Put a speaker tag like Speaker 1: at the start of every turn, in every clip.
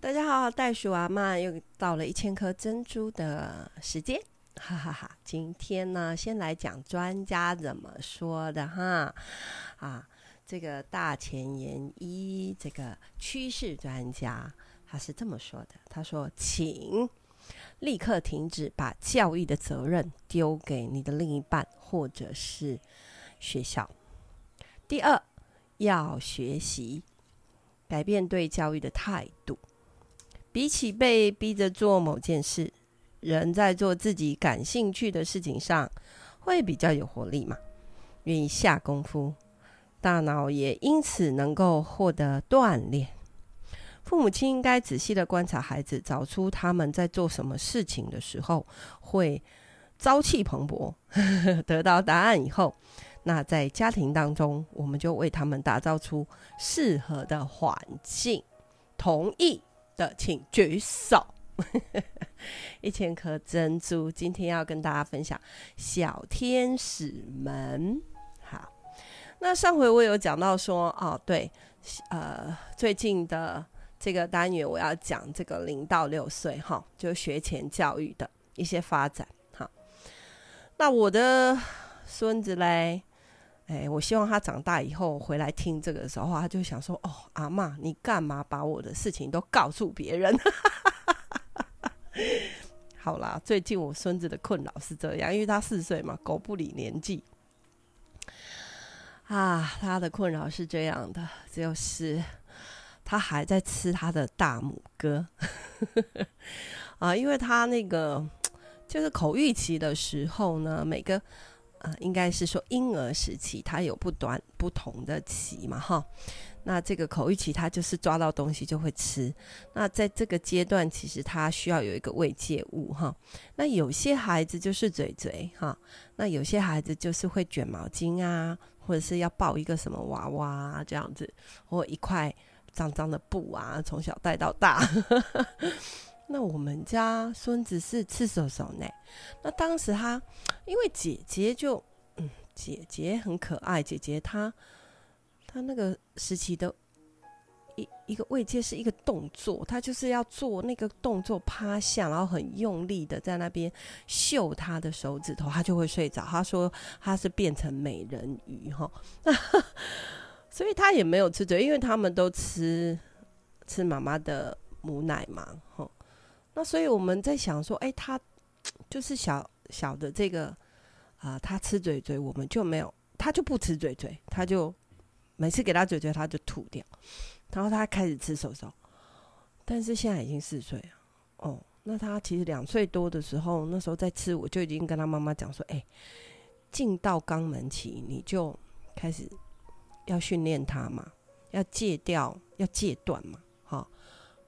Speaker 1: 大家好，袋鼠阿嬤又到了一千顆珍珠的時間，哈，哈哈哈！今天呢，先來講專家怎麼說的哈啊，這個大前研一這個趨勢專家，他是這麼說的，他說：“請立刻停止把教育的責任丟給你的另一半或者是學校。第二，要學習改變對教育的態度。”比起被逼着做某件事，人在做自己感興趣的事情上，會比較有活力嘛？願意下功夫，大腦也因此能夠獲得鍛鍊。父母親應該仔細的觀察孩子，找出他們在做什麼事情的時候會朝氣蓬勃呵呵。得到答案以後，那在家庭當中，我們就為他們打造出適合的環境。同意。的，請舉手。 一千顆珍珠，今天要跟大家分享小天使們。好，那上回我有講到說，哦，對，呃，最近的這個單元，我要講這個零到六歲，哈、哦，就學前教育的一些發展。好、哦，那我的孫子嘞。哎，我希望他長大以後回來聽這個的時候，他就想說：“哦，阿嬤，你幹嘛把我的事情都告訴別人？” 好啦，最近我孫子的困擾是這樣，因為他四歲嘛，狗不理年紀啊，他的困擾是這樣的，就是他還在吃他的大拇哥 啊，因為他那個就是口慾期的時候呢，每個。啊，應該是說嬰兒時期，它有不短不同的期嘛，哈。那這個口欲期，它就是抓到東西就會吃。那在這個階段，其實它需要有一個慰藉物，哈。那有些孩子就是嘴嘴，哈。那有些孩子就是會捲毛巾啊，或者是要抱一個什麼娃娃啊，這樣子，或一塊髒髒的布啊，從小帶到大。 那我們家孫子是吃手手呢，那當時他，因為姐姐就，嗯，姐姐很可愛，姐姐她，她那個時期的，一一個慰藉是一個動作，她就是要做那個動作趴下，然後很用力的在那邊嗅她的手指頭，她就會睡着。她說她是變成美人魚哈、哦，那所以她也沒有吃嘴，因為他們都吃吃媽媽的母奶嘛，哈、哦。那所以我們在想說，哎、欸，他就是小小的這個，啊、呃，他吃嘴嘴，我們就沒有，他就不吃嘴嘴，他就每次給他嘴嘴，他就吐掉，然後他開始吃手手，但是現在已經四歲了，哦，那他其實兩歲多的時候，那時候在吃，我就已經跟他媽媽講說，哎、欸，進到肛門期，你就開始要訓練他嘛，要戒掉，要戒斷嘛。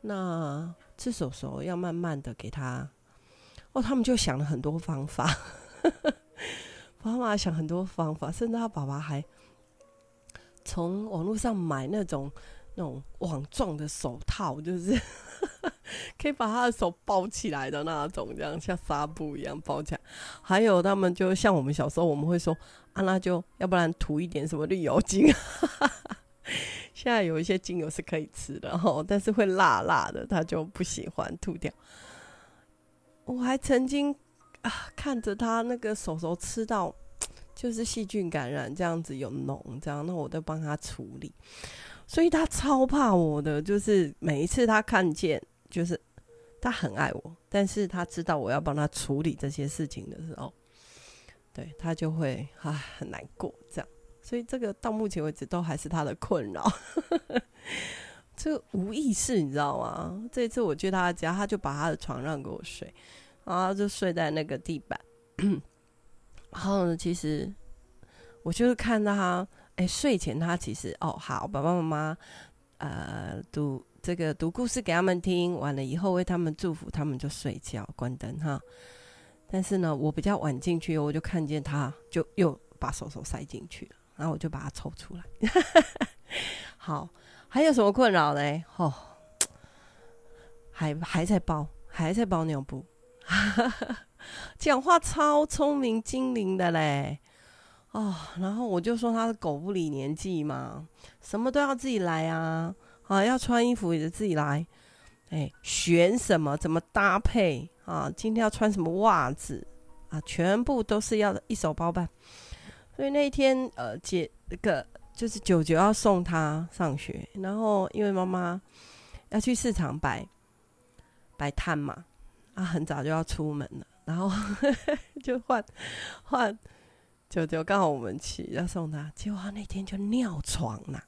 Speaker 1: 那吃手手要慢慢的給他，哦，他們就想了很多方法，媽媽想很多方法，甚至他爸爸還從網絡上買那種那種網狀的手套，就是，呵呵，可以把他的手包起來的那種，這樣像紗布一樣包起來。還有他們就像我們小時候，我們會說啊，那就要不然塗一點什麼綠油精。呵呵現在有一些精油是可以吃的哦，但是會辣辣的，他就不喜歡，吐掉。我還曾經啊看着他那個手手吃到就是細菌感染這樣子，有膿這樣，那我都幫他處理，所以他超怕我的，就是每一次他看見就是他很愛我，但是他知道我要幫他處理這些事情的時候，對他就會啊很難過這樣。所以這個到目前為止都還是他的困擾， 這個無意識你知道嗎？這一次我去他家，他就把他的床讓給我睡，然後他就睡在那個地板。 然後呢，其實我就是看到他，哎、欸，睡前他其實哦，好，爸爸媽媽，呃，讀這個讀故事給他們聽，完了以後為他們祝福，他們就睡覺，關燈哈。但是呢，我比較晚進去，我就看見他就又把手手塞進去了。然後我就把它抽出來。 好，還有什麼困擾呢？哦，還還在包，還在包尿布。 講話超聰明、精靈的嘞。哦，然後我就說他是狗不理年紀嘛，什麼都要自己來啊。啊，要穿衣服也得自己來。哎，選什麼？怎麼搭配啊？今天要穿什麼襪子啊？全部都是要一手包辦。所以那一天，呃，姐，個就是舅舅要送他上學，然後因為媽媽要去市場擺擺攤嘛，他、啊、很早就要出門了，然後呵呵就換換舅舅，剛好我們去要送他，結果他那天就尿床了，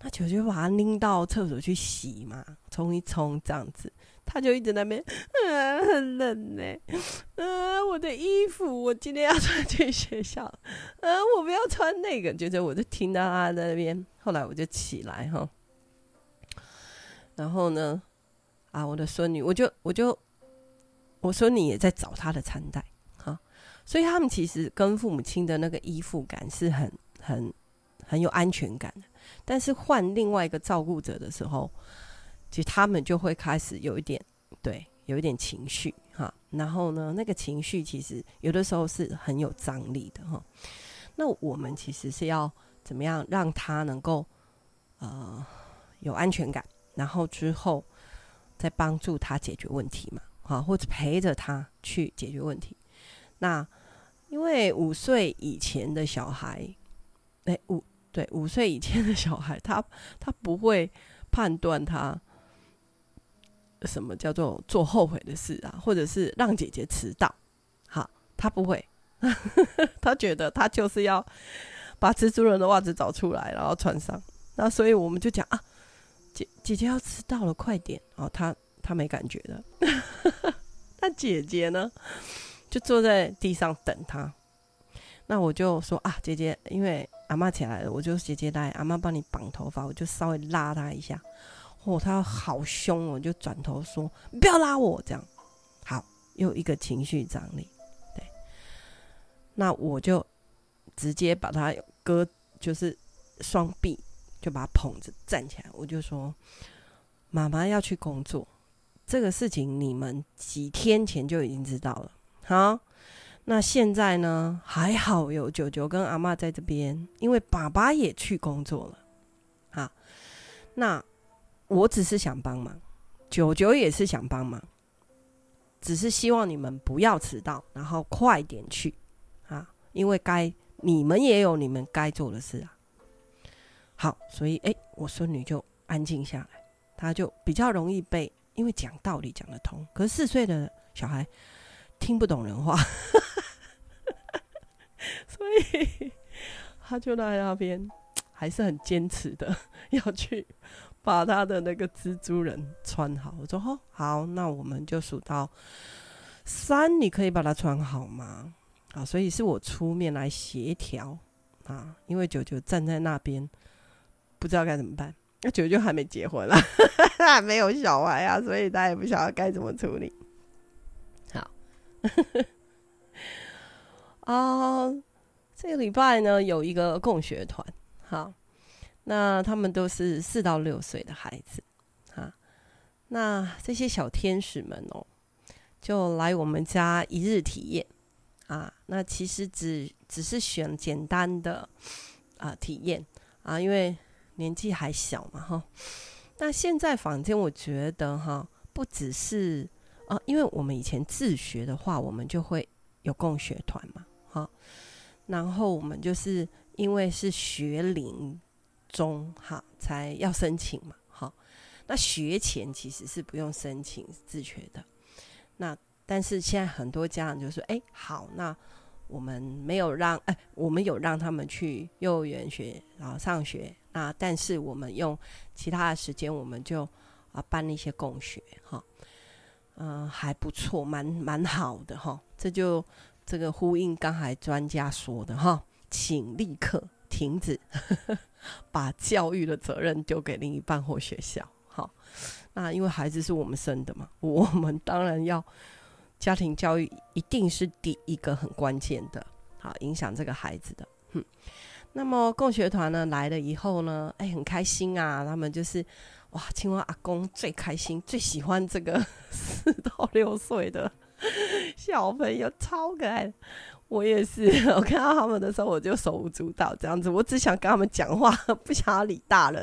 Speaker 1: 那舅舅把他拎到廁所去洗嘛，沖一沖這樣子。他就一直在那邊、嗯，很冷呢、欸、嗯，我的衣服，我今天要穿去學校，嗯、我不要穿那個，就是，我就聽到他在那邊，後來我就起來哈，然後呢，啊，我的孫女，我就我就，我孫女也在找他的餐袋，哈、啊，所以他們其實跟父母親的那個依附感是很很很有安全感的，但是換另外一個照顧者的時候。其實他們就會開始有一點，對，有一點情緒哈。然後呢，那個情緒其實有的時候是很有張力的哈。那我們其實是要怎麼樣讓他能夠呃有安全感，然後之後再幫助他解決問題嘛，哈，或者陪着他去解決問題。那因為五歲以前的小孩，哎，五，對，五歲以前的小孩，他他不會判斷他。什麼叫做做後悔的事啊？或者是讓姐姐遲到？好，她不會，她 覺得她就是要把蜘蛛人的襪子找出來，然後穿上。那所以我們就講啊，姐姐姐要遲到了，快點！哦，她她沒感覺的。那 姐姐呢，就坐在地上等她。那我就說啊，姐姐，因為阿嬤起來了，我就姐姐來阿嬤幫你綁頭髮，我就稍微拉她一下。哦，他好凶哦，我就轉頭說不要拉我這樣。好，又一個情緒張力。對，那我就直接把他割，就是雙臂，就把他捧着站起來。我就說，媽媽要去工作，這個事情你們幾天前就已經知道了。好，那現在呢？還好有舅舅跟阿嬤在這邊，因為爸爸也去工作了。好，那。我只是想幫忙，九九也是想幫忙，只是希望你們不要遲到，然後快點去啊！因為該你們也有你們該做的事啊。好，所以誒，我孫女就安靜下來，她就比較容易被因為講道理講得通，可是四歲的小孩聽不懂人話， 所以她就在那邊還是很堅持的要去。把他的那個蜘蛛人穿好，我說：“哦，好，那我們就數到三，你可以把它穿好嗎？”啊，所以是我出面來協調啊，因為九九站在那邊不知道該怎麼辦。那、啊、九九還沒結婚了，呵呵他還沒有小孩啊，所以他也不曉得該怎麼處理。好， 啊，這個禮拜呢，有一個共學團，好。那他們都是四到六歲的孩子，啊，那這些小天使們哦，就來我們家一日體驗，啊，那其實只只是選簡單的啊、呃、體驗啊，因為年紀還小嘛，哈。那現在房間我覺得哈，不只是啊，因為我們以前自學的話，我們就會有共學團嘛，哈。然後我們就是因為是學齡。中，哈，才要申請嘛，哈，那學前其實是不用申請自學的，那但是現在很多家長就說，欸，好，那我們沒有讓，欸，我們有讓他們去幼兒園學，然後上學，那但是我們用其他的時間，我們就啊辦了一些共學，哈，嗯，還不錯，蠻蠻好的哈，這就這個呼應剛才專家說的哈，請立刻，停止呵呵把教育的責任丟給另一半或學校。好，那因為孩子是我們生的嘛，我們當然要家庭教育一定是第一個很關鍵的，好影響這個孩子的。哼、嗯，那麼共學團呢來了以後呢，哎、欸，很開心啊，他們就是哇，青蛙阿公最開心，最喜歡這個四到六歲的小朋友，超可愛的。我也是，我看到他們的時候，我就手舞足蹈這樣子。我只想跟他們講話，不想要理大人。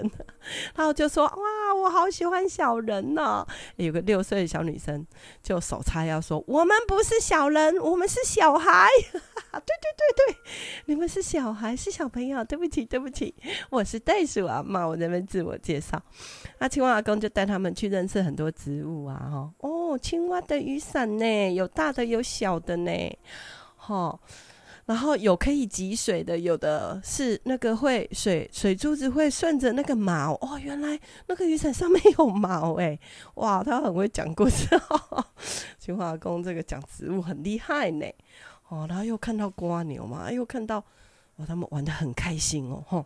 Speaker 1: 然後就說：“哇，我好喜歡小人吶、喔！”欸，有個六歲的小女生就手叉腰說：“我們不是小人，我們是小孩。 ”對對對對，你們是小孩，是小朋友。對不起，對不起，我是袋鼠阿嬤，我這邊自我介紹。那青蛙阿公就帶他們去認識很多植物啊！哈、喔、哦，青蛙的雨傘呢？有大的，有小的呢。哦，然後有可以積水的，有的是那個會水水珠子會順着那個毛哦，原來那個雨傘上面有毛哎，哇，他很會講故事，清華工這個講植物很厲害呢。哦，然後又看到蝸牛嘛，又看到，哦，他們玩得很開心哦，哈、哦。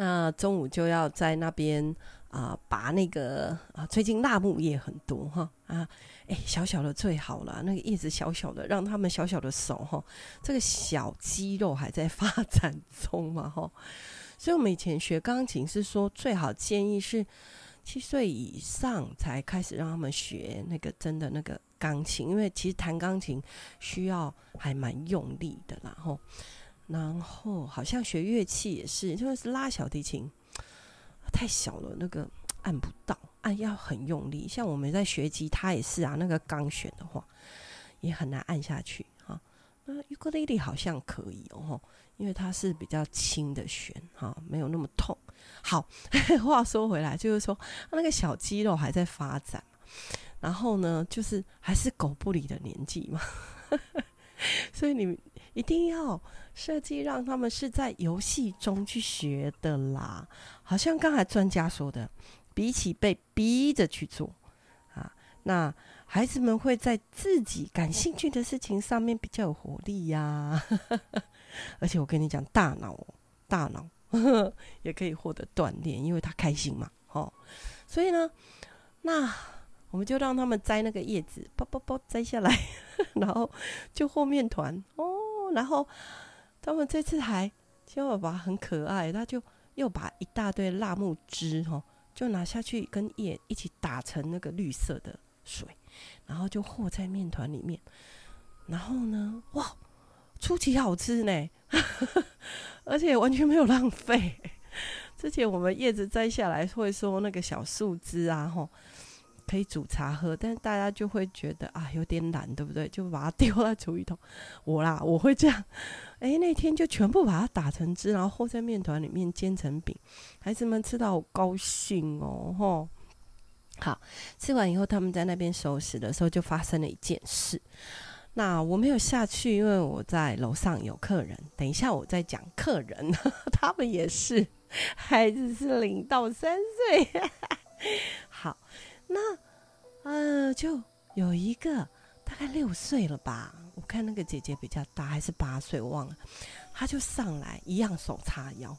Speaker 1: 那中午就要在那邊。啊，拔那個啊，最近辣木也很多哈啊，哎、欸，小小的最好了，那個葉子小小的，讓他們小小的手哈，這個小肌肉還在發展中嘛哈，所以我們以前學鋼琴是說最好建議是七歲以上才開始讓他們學那個真的那個鋼琴，因為其實彈鋼琴需要還蠻用力的啦吼，然後好像學樂器也是，就是拉小提琴。太小了，那個按不到，按要很用力。像我們在學吉他，它也是啊，那個鋼弦的話也很難按下去哈、啊，那尤克里里好像可以哦，因為它是比較輕的弦，哈、啊，沒有那麼痛。好，呵呵話說回來就是說，那個小肌肉還在發展，然後呢，就是還是狗不理的年紀嘛， 所以你。一定要設計讓他們是在遊戲中去學的啦。好像剛才專家說的，比起被逼着去做，啊，那孩子們會在自己感興趣的事情上面比較有活力呀、啊。而且我跟你講，大腦，大腦呵呵也可以獲得鍛鍊，因為他開心嘛，哦。所以呢，那我們就讓他們摘那個葉子，剝剝剝摘下來，然後就和麵團哦。哦、然後他們這次還，千寶寶很可愛，他就又把一大堆辣木汁哦，就拿下去跟葉一起打成那個綠色的水，然後就和在面糰裡面。然後呢，哇，出奇好吃呢，而且完全沒有浪費。之前我們葉子摘下來會說那個小樹枝啊，吼、哦。可以煮茶喝，但是大家就會覺得啊，有點懶，對不對？就把它丟在廚餘桶。我啦，我會這樣，哎、欸，那天就全部把它打成汁，然後和在麵團裡面煎成餅，孩子們吃到好高興哦、喔，哈。好，吃完以後，他們在那邊收拾的時候，就發生了一件事。那我沒有下去，因為我在樓上有客人。等一下，我再講客人，他們也是，孩子是零到三歲，好。那，呃，就有一個大概六歲了吧，我看那個姐姐比較大，還是八歲我忘了，她就上來一樣手叉腰，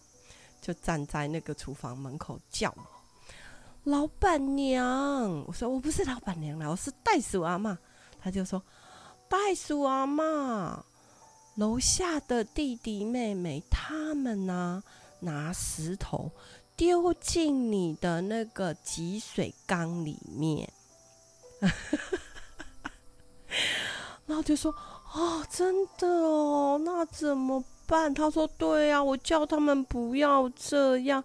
Speaker 1: 就站在那個廚房門口叫：“老板娘！”我說：“我不是老板娘了，我是袋鼠阿嬤。”她就說：“袋鼠阿嬤，樓下的弟弟妹妹他們呢、啊，拿石頭。”丟進你的那個集水缸裡面，然 後就說：“哦，真的哦，那怎麼辦？”他說：“對啊，我叫他們不要這樣，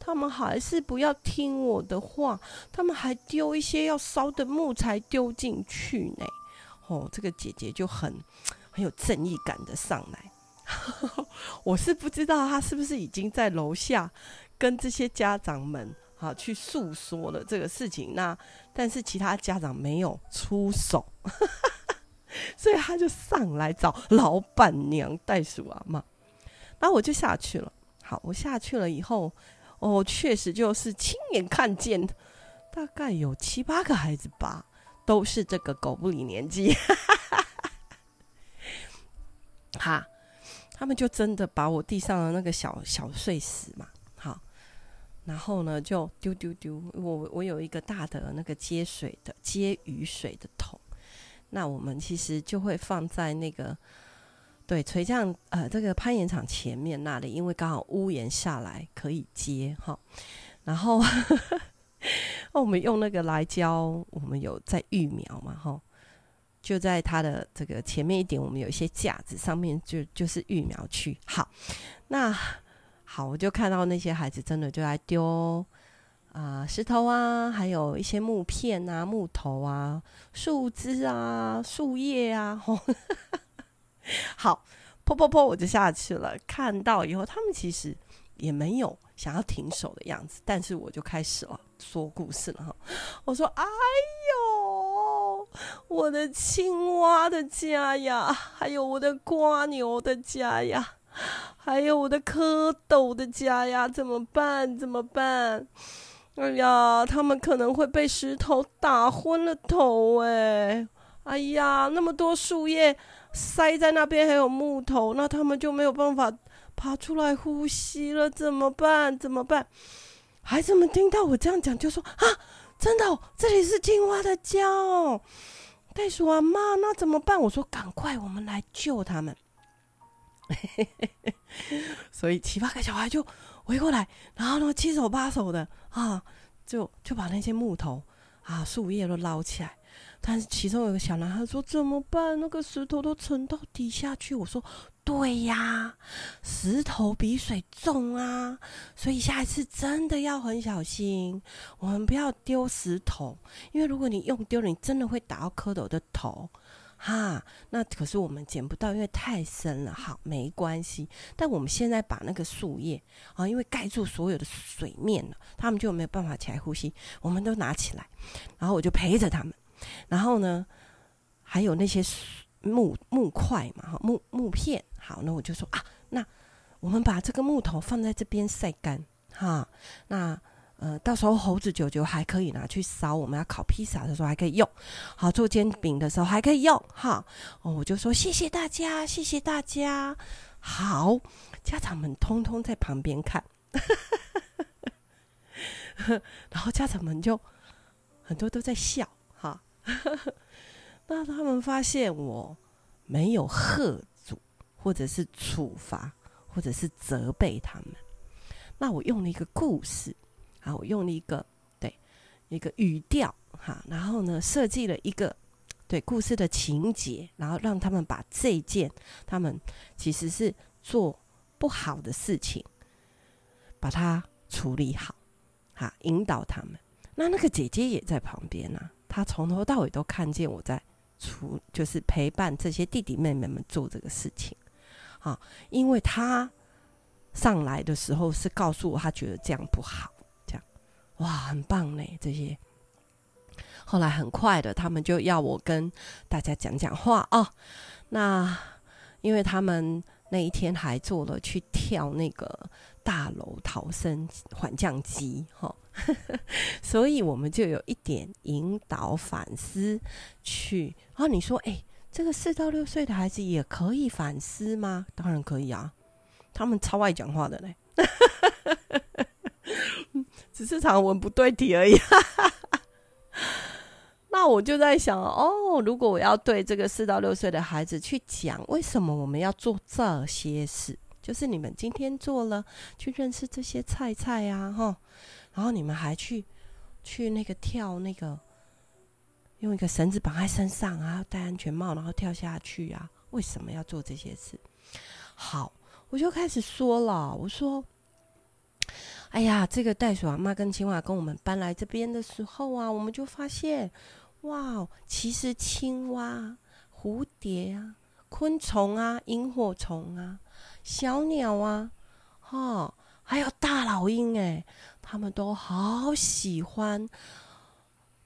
Speaker 1: 他們還是不要聽我的話，他們還丟一些要燒的木材丟進去呢！”哦，這個姐姐就很很有正義感的上來， 我是不知道他是不是已經在樓下跟這些家長們啊去訴說了這個事情，那但是其他家長沒有出手，呵呵呵，所以他就上來找老板娘袋鼠啊嘛，然後我就下去了。好，我下去了以後，哦，確實就是親眼看見，大概有七八個孩子吧，都是這個狗不理年紀，呵呵哈，他們就真的把我地上的那個小小碎石嘛。然後呢，就丟丟丟。我我有一個大的那個接水的、接雨水的桶，那我們其實就會放在那個對垂降呃這個攀岩場前面那裡，因為剛好屋檐下來可以接哈、哦。然後 我們用那個來澆，我們有在育苗嘛哈、哦，就在它的這個前面一點，我們有一些架子上面就就是育苗區。好，那。好，我就看到那些孩子真的就在丟啊、呃、石頭啊，還有一些木片啊、木頭啊、樹枝啊、樹葉啊。葉啊呵呵呵好，噗噗噗，我就下去了。看到以後，他們其實也沒有想要停手的樣子，但是我就開始了說故事了哈。我說：“哎呦，我的青蛙的家呀，還有我的蝸牛的家呀。”還有我的蝌蚪的家呀，怎麼辦？怎麼辦？哎呀，他們可能會被石頭打昏了頭哎！哎呀，那麼多樹葉塞在那邊，還有木頭，那他們就沒有辦法爬出來呼吸了，怎麼辦？怎麼辦？孩子們聽到我這樣講，就說：“啊，真的哦，這裡是青蛙的家哦。”袋鼠阿媽，那怎麼辦？我說：“趕快，我們來救他們。” 所以七八個小孩就圍過來，然後呢，七手八手的啊，就就把那些木頭啊、樹葉都撈起來。但是其中有個小男孩說：“怎麼辦？那個石頭都沉到底下去。”我說：“對呀，石頭比水重啊，所以下一次真的要很小心，我們不要丟石頭，因為如果你用丟了，你真的會打到蝌蚪的頭。”哈，那可是我們撿不到，因為太深了。好，沒關係。但我們現在把那個樹葉啊，因為蓋住所有的水面了，他們就沒有辦法起來呼吸。我們都拿起來，然後我就陪着他們。然後呢，還有那些木木塊嘛，哈，木木片。好，那我就說啊，那我們把這個木頭放在這邊曬乾。哈，那。呃，到時候猴子九九還可以拿去燒，我們要烤披薩的時候還可以用，好做，煎餅的時候還可以用哈。哦，我就說謝謝大家，謝謝大家。好，家長們通通在旁邊看，呵呵呵呵，然後家長們就很多都在笑哈呵呵。那他們發現我沒有喝阻，或者是處罰，或者是責備他們，那我用了一個故事。啊，我用了一個對一個語調哈、啊，然後呢，設計了一個對故事的情節，然後讓他們把這件他們其實是做不好的事情，把它處理好，哈、啊，引導他們。那那個姐姐也在旁邊呢、啊，她從頭到尾都看見我在處，就是陪伴這些弟弟妹妹們做這個事情，啊，因為她上來的時候是告訴我，她覺得這樣不好。哇，很棒嘞！這些後來很快的，他們就要我跟大家講講話啊、哦。那因為他們那一天還做了去跳那個大樓逃生緩降機哈、哦，所以我們就有一點引導反思去啊、哦。你說，哎、欸，這個四到六歲的孩子也可以反思嗎？當然可以啊，他們超愛講話的嘞。 只是長文不對題而已。 那我就在想哦，如果我要對這個四到六歲的孩子去講，為什麼我們要做這些事？就是你們今天做了，去認識這些菜菜呀、啊，哈，然後你們還去去那個跳那個，用一個繩子綁在身上，啊，戴安全帽，然後跳下去呀、啊？為什麼要做這些事？好，我就開始說了，我說。哎呀，這個袋鼠阿嬤跟青蛙跟我們搬來這邊的時候啊，我們就發現，哇，其實青蛙、蝴蝶啊、昆蟲啊、螢火蟲啊、小鳥啊，哦，還有大老鷹誒，他們都好喜歡，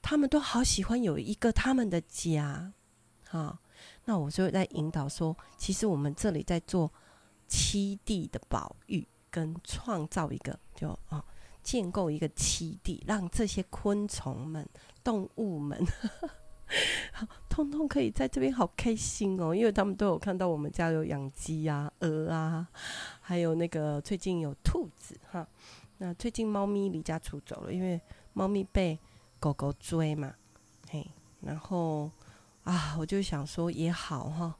Speaker 1: 他們都好喜歡有一個他們的家，啊、哦，那我就在引導說，其實我們這裡在做七地的保育。跟創造一個，就啊、哦，建構一個棲地，讓這些昆蟲們、動物們，通通可以在這邊好開心哦，因為他們都有看到我們家有養雞呀、啊、鵝啊，還有那個最近有兔子哈。那最近貓咪離家出走了，因為貓咪被狗狗追嘛，嘿，然後啊，我就想說也好哈、哦，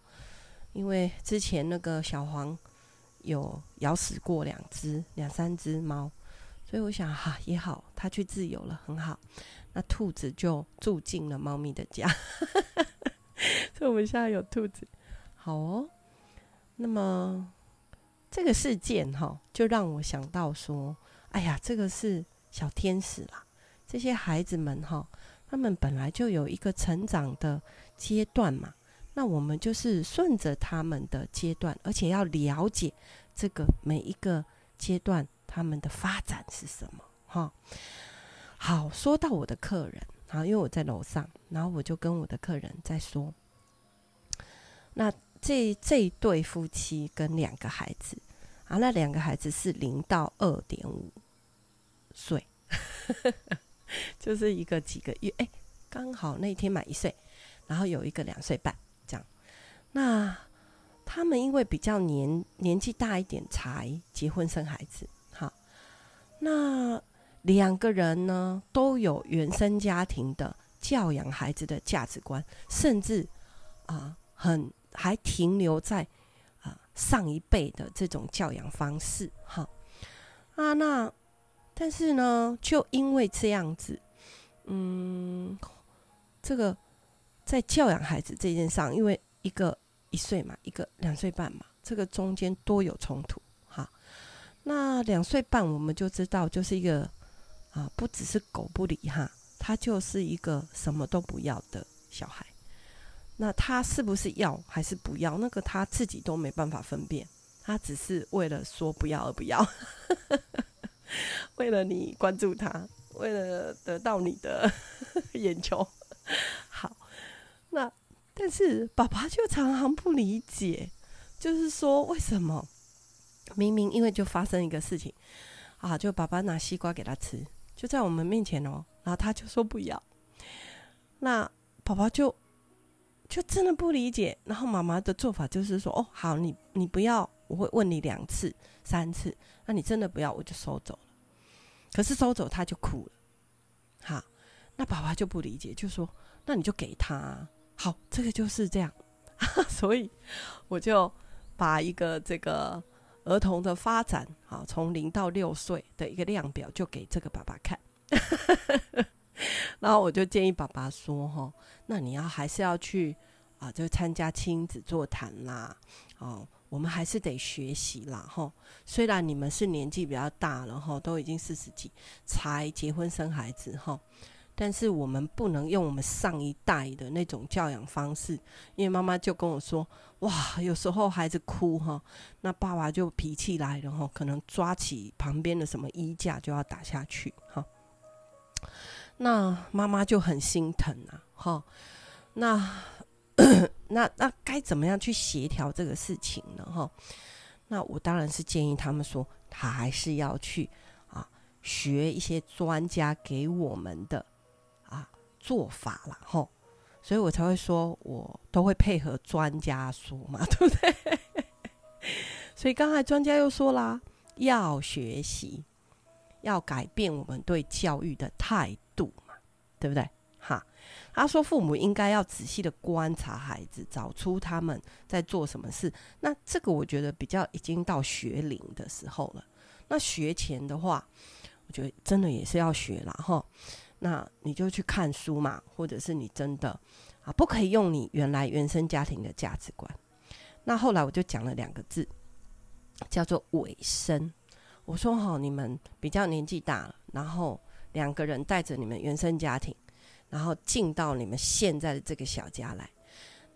Speaker 1: 因為之前那個小黃。有咬死過兩隻、兩三隻貓，所以我想哈、啊、也好，它去自由了，很好。那兔子就住進了貓咪的家， 所以我們現在有兔子，好哦。那麼這個事件哈、哦，就讓我想到說，哎呀，這個是小天使啦。這些孩子們哈、哦，他們本來就有一個成長的階段嘛。那我們就是順着他們的階段，而且要了解這個每一個階段他們的發展是什麼，哈。好，說到我的客人，然後因為我在樓上，然後我就跟我的客人在說，那這這對夫妻跟兩個孩子啊，那兩個孩子是零到二點五歲， 就是一個幾個月，哎，剛好那天滿一歲，然後有一個兩歲半。那他們因為比較年年紀大一點，才結婚生孩子。哈，那兩個人呢，都有原生家庭的教養孩子的價值觀，甚至啊、呃，很還停留在啊、呃、上一輩的這種教養方式。哈，啊，那但是呢，就因為這樣子，嗯，這個在教養孩子這件事上，因為一個。一歲嘛，一個兩歲半嘛，這個中間多有衝突哈。那兩歲半我們就知道，就是一個啊，不只是狗不理哈，他就是一個什麼都不要的小孩。那他是不是要還是不要？那個他自己都沒辦法分辨，他只是為了說不要而不要， 為了你關注他，為了得到你的 眼球。但是爸爸就常常不理解，就是說為什麼明明因為就發生一個事情啊，就爸爸拿西瓜給他吃，就在我們面前哦，然後他就說不要，那爸爸就就真的不理解。然後媽媽的做法就是說哦，好，你你不要，我會問你兩次、三次，那、啊、你真的不要，我就收走了。可是收走他就哭了，好，那爸爸就不理解，就說那你就給他。好，這個就是這樣， 所以我就把一個這個兒童的發展啊，從零到六歲的一個量表，就給這個爸爸看。 然後我就建議爸爸說：“哦，那你要還是要去啊，就參加親子座談啦，哦、啊，我們還是得學習啦，哈。雖然你們是年紀比較大了，哈，都已經四十幾才結婚生孩子，哈。”但是我們不能用我們上一代的那種教養方式，因為媽媽就跟我說：“哇，有時候孩子哭哈，那爸爸就脾氣來了哈，可能抓起旁邊的什麼衣架就要打下去哈。”那媽媽就很心疼啊，哈，那 那那該怎麼樣去協調這個事情呢？哈，那我當然是建議他們說，他還是要去啊，學一些專家給我們的。做法啦，吼，所以我才會說，我都會配合專家說嘛，對不對？ 所以剛才專家又說啦，要學習，要改變我們對教育的態度嘛，對不對？哈，他說父母應該要仔細的觀察孩子，找出他們在做什麼事。那這個我覺得比較已經到學齡的時候了。那學前的話，我覺得真的也是要學啦，哈。那你就去看書嘛，或者是你真的，啊，不可以用你原來原生家庭的價值觀。那後來我就講了兩個字，叫做委身。我說好，你們比較年紀大了，然後兩個人帶着你們原生家庭，然後進到你們現在的這個小家來，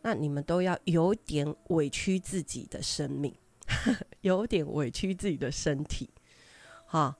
Speaker 1: 那你們都要有點委屈自己的生命，呵呵有點委屈自己的身體，哈。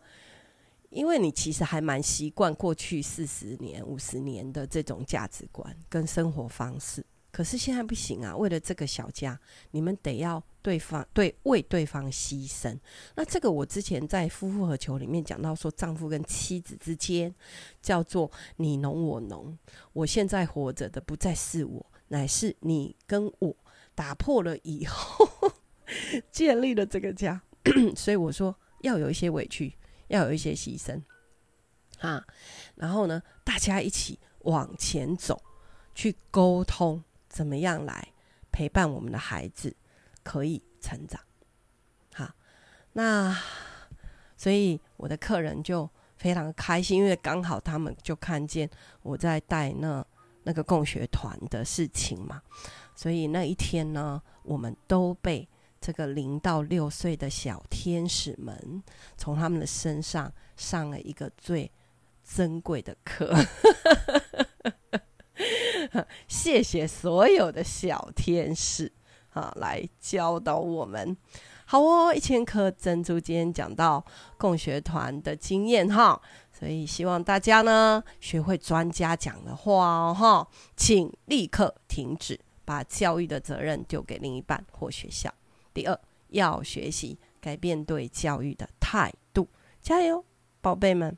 Speaker 1: 因為你其實還蠻習慣過去四十年、五十年的這種價值觀跟生活方式，可是現在不行啊！為了這個小家，你們得要對方對為對方犧牲。那這個我之前在《夫復何求》裡面講到說，丈夫跟妻子之間叫做你儂我儂。我現在活着的不再是我，乃是你跟我打破了以後 建立了這個家。 所以我說要有一些委屈。要有一些犧牲，啊，然後呢，大家一起往前走，去溝通，怎麼樣來陪伴我們的孩子可以成長？好，那所以我的客人就非常開心，因為剛好他們就看見我在帶那那個共學團的事情嘛，所以那一天呢，我們都被。這個零到六歲的小天使們，從他們的身上上了一個最珍貴的課。 謝謝所有的小天使啊，來教導我們。好哦，一千顆珍珠今天講到共學團的經驗哈，所以希望大家呢學會專家講的話哦哈，請立刻停止把教育的責任丟給另一半或學校。第二，要學習改變對教育的態度。加油，寶貝們！